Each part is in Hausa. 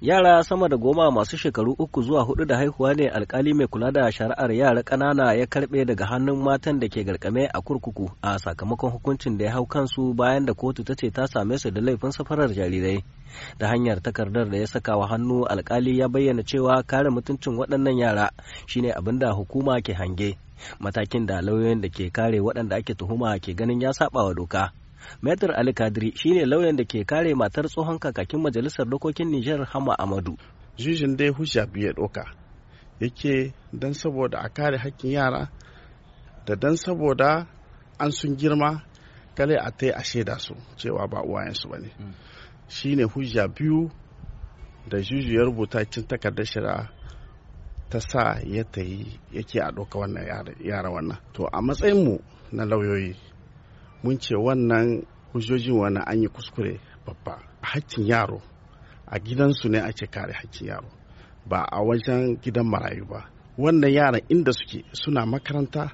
yara sama da goma masu shekaru uku zuwa hudu da haihuwa ne alkali mai kula da shari'ar yara ƙanana ya karbe daga hannun matan da ke garkame a kurkuku a sakamakon hukuncin da ya hau kansu bayan da kotu ta ce ta same su da laifin safarar jarirai da hanyar takardar da ya saka wa hannu alkali ya bayyana cewa kare mutuncin waɗannan yara shine abin da hukuma ke hange matakin da lauyoyin da ke kare waɗanda ake tuhuma ke ganin ya saɓa wa doka Metar Ali Kadri shine lauyan da ke kare matar tsohon kakakin majalisar dokokin Nijar Hama Amadu. Jijin dai hujja biye doka yake don saboda a kare hakkin yara da don saboda an sun girma kale a ta a shaida su cewa ba uwayensu ba ne. Mm. shi ne hujja biyu da juju ya rubuta cikin takardar shira ta sa ya ta yi yake a ɗauka wannan yara wannan. To a matsayinmu na lauyoyi mun ce wannan hujjojin wani an yi kuskure babba hakkin yaro a gidansu ne ake kare hakkin yaro ba a wajen gidan marayu ba wannan yaran inda suke suna makaranta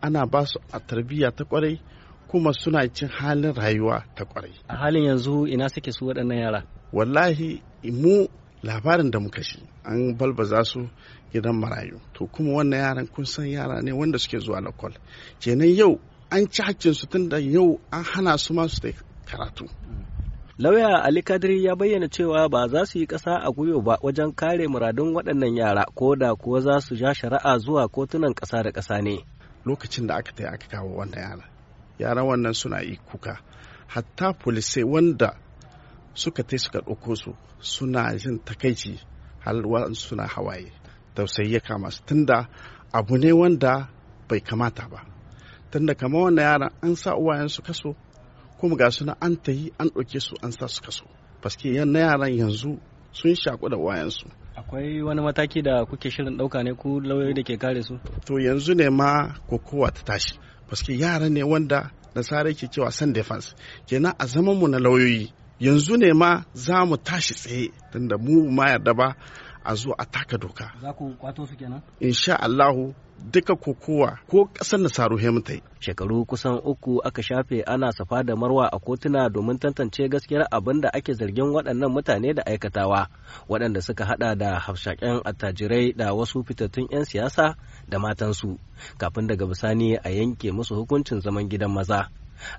ana ba su a tarbiyya ta kwarai kuma suna cin halin rayuwa ta kwarai a halin yanzu ina suke su waɗannan yara wallahi mu labarin da muka shi an balbaza su gidan marayu to kuma wannan yaran kun san yara ne wanda suke zuwa lakol kenan yau an ci su tun da yau an hana su masu da karatu lauya ali kadri ya bayyana cewa ba za su yi ƙasa a gwiwa ba wajen kare muradun waɗannan yara ko da kuwa za su ja shari'a zuwa kotunan ƙasa da ƙasa ne lokacin da aka tai aka kawo wannan yara yara wannan suna yi kuka hatta polisai wanda suka tai suka ɗauko su suna jin takaici har suna hawaye tausayi ya kama su tunda abu ne wanda bai kamata ba tunda kamar wannan yaran an sa su kaso kuma ga suna an ta yi an ɗauke su an sa su kaso paske na yaran yanzu sun shaku da su akwai wani mataki da kuke shirin ɗauka ne ku lauyoyi da ke kare su to yanzu ne ma kokowa ta tashi paske yara ne wanda nasara ke cewa san defense kenan a zaman mu na lauyoyi yanzu ne ma za mu tashi tsaye tunda mu ma yarda ba a zo a taka doka za ku kwato su kenan insha Allahu duka kokowa ko ƙasar nasaru hemtai shekaru kusan uku aka shafe ana safa da marwa a kotuna domin tantance gaskiyar abin da ake zargin waɗannan mutane da aikatawa waɗanda suka haɗa da hafshaƙen attajirai da wasu fitattun 'yan siyasa da matansu kafin daga bisani a yanke musu hukuncin zaman gidan maza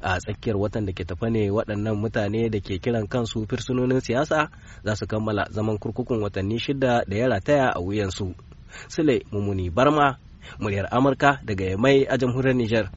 a tsakiyar watan da ke tafa ne waɗannan mutane da ke kiran kansu fursunonin siyasa za su kammala zaman kurkukun watanni shida da ya rataya a wuyansu sule mumuni barma muryar amurka daga yamai a jamhuriyar Nijar.